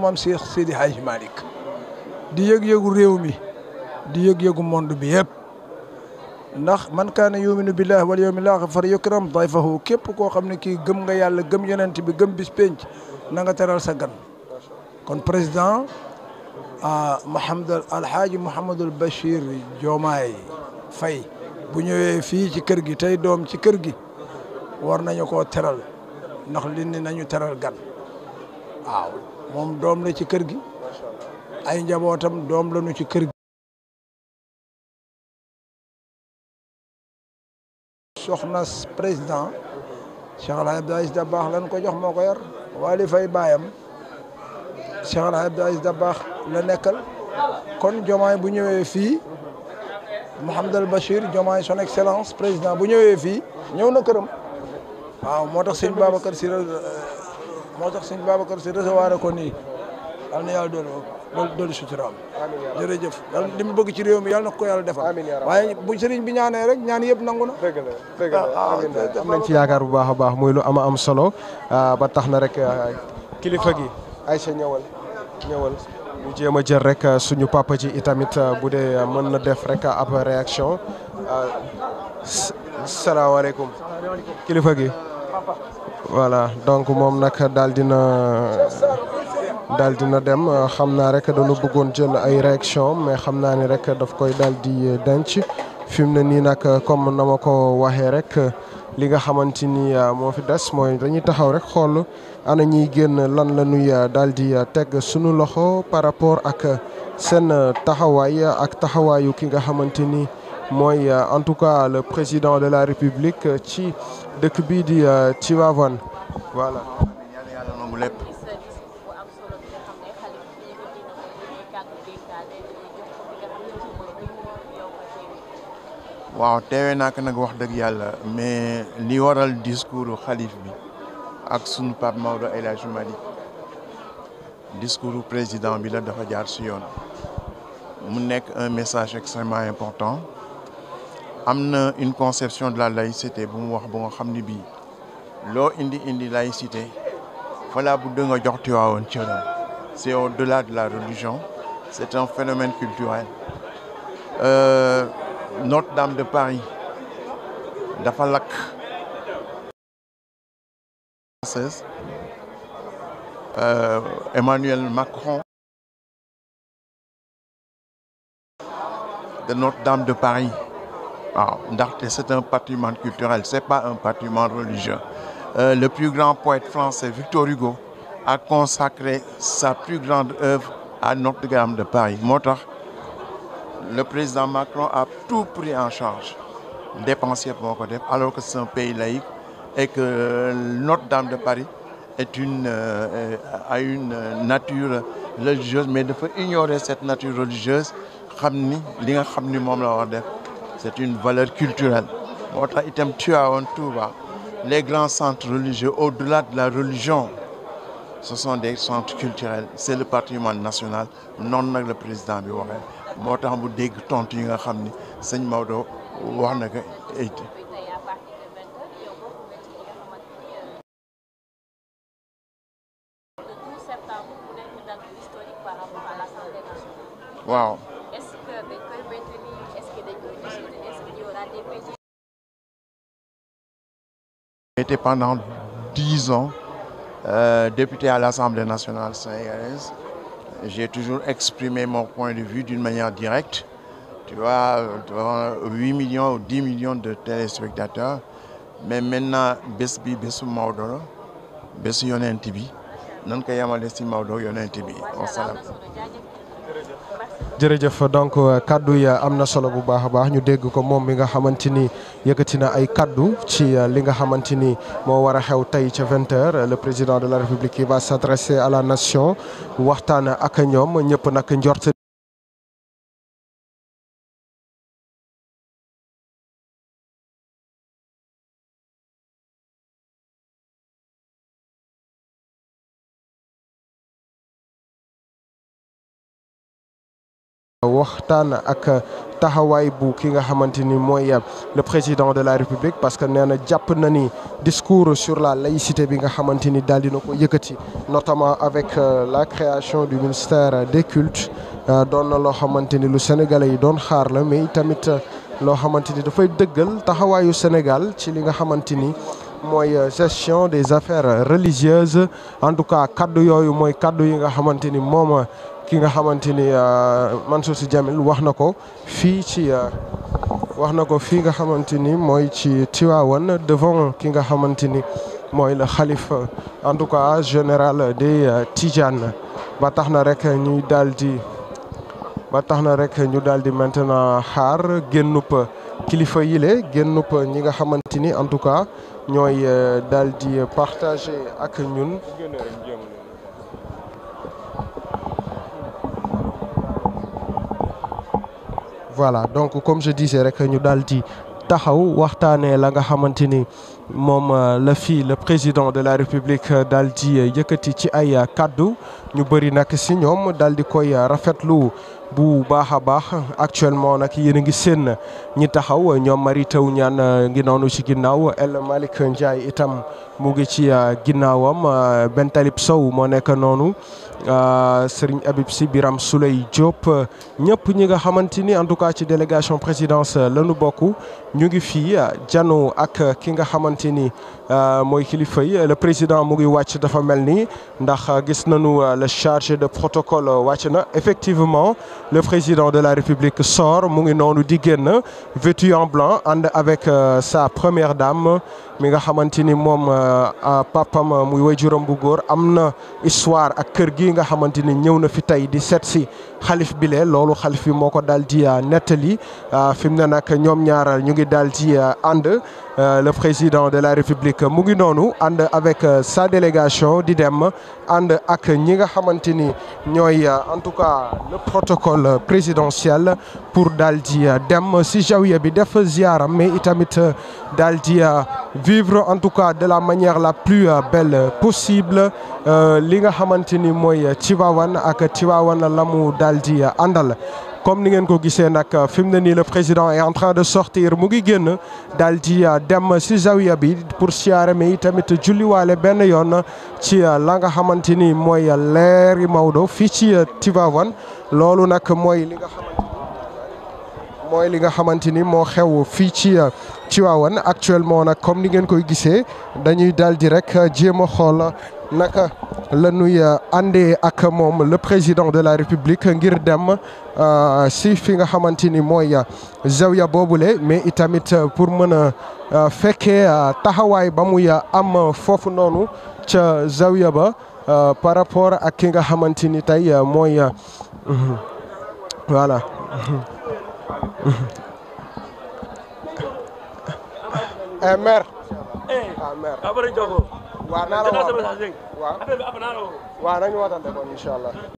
maam Cheikh Seydi Hadj Malick yëg-yëgu réew mi di yëg-yëgu monde bi yëpp ndax man kaana yuminu billahi wal yawmil aaxir far yukram dayfahu képp koo xam ne kii gëm nga yàlla gëm yonent bi gëm bis penc na nga teral sa gan kon président ah, Mahamad Alhaaji Mouhamadul Bachir Diomaye Faye bu ñëwee fii ci kër gi tey doom ci kër gi war nañu ko teral ndax li nañu teral gan waaw moom doom la ci kër gi ay njabootam doom lañu ci kër gi soxna président Cheikh El Hadj Abdou Aziz Dabakh ko jox moo ko yar Waly Faye baayam Cheikh El Hadj la nekkal kon jomaay bu ñëwee fii Mouhamadul Bachir jomaay son excellence président bu ñëwee fii ñëw na këram waaw moo tax sëñ Babacar Si moo tax sëñ Babacar si recevoir ko nii yal na yàlla doon doolu suturaam jërëjëf yàlla li bëgg ci réew mi yàlla na ko yàlla defa waaye bu sëriñ bi ñaanee rek ñaan yëpp nangu na dëgg la ah, ah, am nañ ci yaakaar bu baax a baax muy lu ama am solo ah, ba tax na rek kilifa gi Aïcha ñëwal ñëwal ñu jéem a jël rek suñu papa ji itamit bu dee mën na def rek ab réaction salaamaaleykum kilifa gi voilà donc moom nag daal dina daal dina dem xam naa rek dañu bëggoon jël ay réaction mais xam naa ni rek daf koy daal di denc fi mu ne nii nag comme na ma ko waxee rek li nga xamante ni ah, moo fi des mooy dañuy taxaw rek xool ana ñuy génn lan la ñuy ah, daal di ah, teg suñu loxo par rapport ak seen taxawaay ak taxawaayu ki nga xamante ni mooy en tout cas le président de la république ci. dëkk bii di euh, Tivaouane voilà. waaw teewe naa ko nag wax dëgg yàlla mais li waral discours xalif bi ak sunu pape Maodo El Hadj discours président bi la dafa jaar si yoon mu nekk un message extrêmement important. am na une conception de la laïcité bu mu wax bu nga xam ni bii loo indi indi laïcité voilà bu dë nga jox Tiwaawoon cëram c'est au-delà de la religion c'est un phénomène culturel euh, Notre-Dame de Paris dafa lak française euh, Emmanuel Macron de Notre-Dame de Paris waaw ah, ndaxte c'est un patrimoine culturel c'est pas un patrimoine religieux euh, le plus grand poète français Victor Hugo a consacré sa plus grande œuvre à Notre-Dame de Paris moo tax le président Macron a tout pris en charge dépense yëpp moo ko def alors que c'est un pays laïque et que Notre-Dame de Paris est une euh, a une nature religieuse mais dafa ignorer cette nature religieuse xam ni li nga xam ni moom la war def c'est une valeur culturelle moo tax itam Tivaouane Touba les grands centres religieux au-delà de la religion ce sont des centres culturels c'est le patrimoine national noonu nag le président bi waxee moo tax bu dégg tontu yi nga xam ni sëñ Maodo wax na ko été pendant dix ans euh, député à l'Assemblée nationale sénégalaise. J'ai toujours exprimé mon point de vue d'une manière directe. Tu vois, millions ou millions de téléspectateurs. mais maintenant bés bi bésu Maodo la bésu yonent bi nan ko yemale si Maodo yonent bi jërëjëf donc euh, kàddu ya am na solo bu baax a baax ñu dégg ko moom mi nga xamante ni yëkkati na ay kàddu ci euh, li nga xamante ni moo war a xew tey ca vingt le président de la république yi va s'adresser à la nation waxtaan ak ñoom ñëpp nag njort waxtaan ak taxawaay bu ki nga xamante ni mooy euh, le président de la république parce que nee na jàpp na ni discours sur la laïcité bi nga xamante ni daal dina ko yëkkati notamment avec euh, la création du ministère des cultes euh, doon na loo xamante ni lu sénégalais yi doon xaar la mais tamit loo xamante ni dafay dëggal taxawaayu Sénégal ci li nga xamante ni mooy gestion des affaires religieuses en tout cas kàddu yooyu mooy kàddu yi nga xamante ni moom ki nga xamante ni euh, Mansour Sy Djamil wax na ko fii ci euh, wax na ko fii nga xamante ni mooy ci Tivaouane devant ki nga xamante ni mooy le xalif en tout cas général des euh, Tidianes ba tax na rek ñuy daal di ba tax na rek ñu daal di maintenant xaar génnub kilifa yile génnub ñi nga xamante ni en tout cas ñooy daal di partager ak ñun. voilà donc comme je disais rek ñu daal di taxaw waxtaanee la nga xamante ni moom euh, la fii le président de la république euh, daal di euh, yëkkati ci ay kàddu ñu bëri nag si ñoom daal di koy rafetlu bu baax a baax actuellement nag yéen a ngi seen ñi taxaw ñoom Mary wu ñaan ngi noonu ci ginnaaw El Malick Ndiaye itam mu ngi ci ginnaawam Bentalib Sow moo nekk noonu. Euh, sëriñ Habib si Biram Souley Diop ñëpp ñi nga xamante ni en tout cas ci délégation présidence euh, lanu bokk ñu ngi fii euh, jano ak ki nga xamante ni mooy kilifa yi le président mu ngi wàcc dafa mel ni ndax gis nañu le chargé de protocole wàcc na effectivement le président de la République sort mu ngi noonu di génn vêtu en blanc ànd avec sa première dame mi nga xamante ni moom papam muy waajuram bu góor am na histoire ak kër gi nga xamante ni ñëw na fi tey di seet si xalif bi loolu xalif bi moo ko daal di euh, nettali euh, fi mu ne nag ñoom ñaar ñu ngi daal di euh, ànd le président de la république mu ngi noonu ànd avec sa délégation di dem ànd ak ñi nga xamante ni ñooy en tout cas le protocole présidentiel pour daal di dem si jawiya bi def ziaram mais itamit daal di vivre en tout cas de la manière la plus belle possible li nga xamante ni mooy Tivaouane ak Tivaouane la daal di comme ni ngeen ko gisee nag fi mu ne nii le président est en de sortir mu ngi génn daal di euh, dem si zawiya bi pour siyaare mi tamit julliwaale benn yoon ci euh, langa nga xamante ni mooy leeri Maodo fii ci euh, Tivaouane loolu nag mooy li nga xamante mooy li nga xamante ni moo xew fii ci Tivaouane actuellement nag comme ni ngeen koy gisee dañuy daal di rek jéem a xool. naka la ñuy euh, àndee ak moom le président de la république ngir dem euh, si fi nga xamante ni mooy euh, zawiya boobule mais itamit pour mën a fekkee taxawaay ba muy am foofu noonu ca zawiya ba par rapport ak ki nga xamante ni tey mooy mhm, voilà. Eh, maire. Eh. Ah, waaw naa la woo waaw waaw nañu wootante kon incha allah